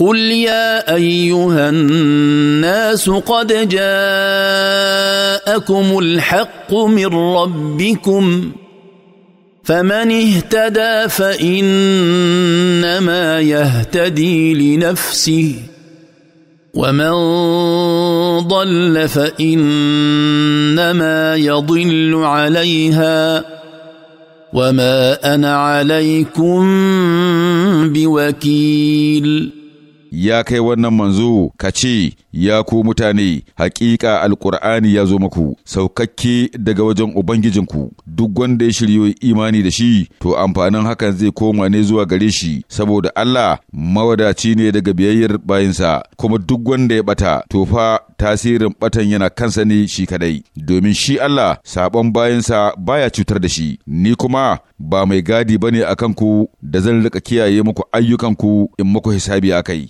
قل يا ايها الناس قد جاءكم الحق من ربكم فمن اهتدى فانما يهتدي لنفسه ومن ضل فانما يضل عليها وما انا عليكم بوكيل ya kai wannan manzo ka ce ya ku mutane hakika alkur'ani ya zo muku saukakke daga wajen ubangijinku duk wanda ya shiryo imani da shi to amfanin hakan zai koma ne zuwa gare shi saboda Allah mawadaci ne daga biyayyar bayinsa kuma duk wanda ya bata to fa tasirin batan yana kansa ne shi kadai domin shi Allah sabon bayansa baya cutar da shi ni kuma ba mai gadi bane akan ku da zan rika kiyaye muku ayyukanku in muku hisabi akai